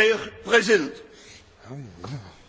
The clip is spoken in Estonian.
Dear President. Oh, no.